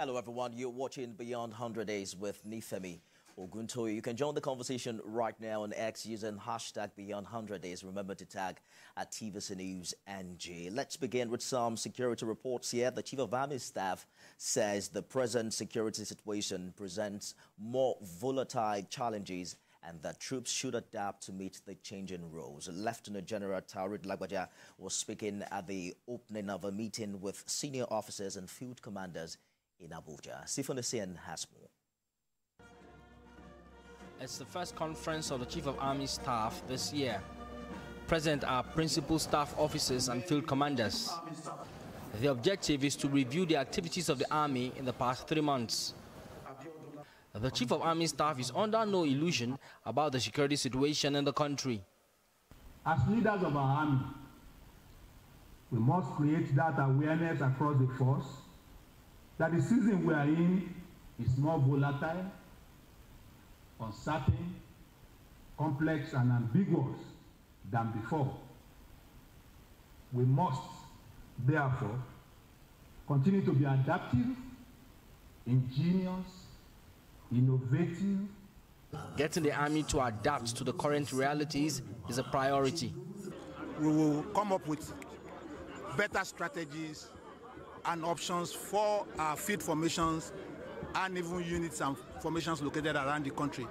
Hello, everyone. You're watching Beyond 100 Days with Nifemi Oguntoyo. You can join the conversation right now on X using hashtag Beyond 100 Days. Remember to tag at TVC News NG. Let's begin with some security reports here. The Chief of Army Staff says the present security situation presents more volatile challenges and that troops should adapt to meet the changing roles. Lieutenant General Taurid Lagwaja was speaking at the opening of a meeting with senior officers and field commanders in Abuja. Stephen Essien has more. It's the first conference of the Chief of Army Staff this year. Present are principal staff officers and field commanders. The objective is to review the activities of the Army in the past three months. The Chief of Army Staff is under no illusion about the security situation in the country. As leaders of our Army, we must create that awareness across the force that the season we are in is more volatile, uncertain, complex, and ambiguous than before. We must, therefore, continue to be adaptive, ingenious, innovative. Getting the army to adapt to the current realities is a priority. We will come up with better strategies and options for our field formations and even units and formations located around the country.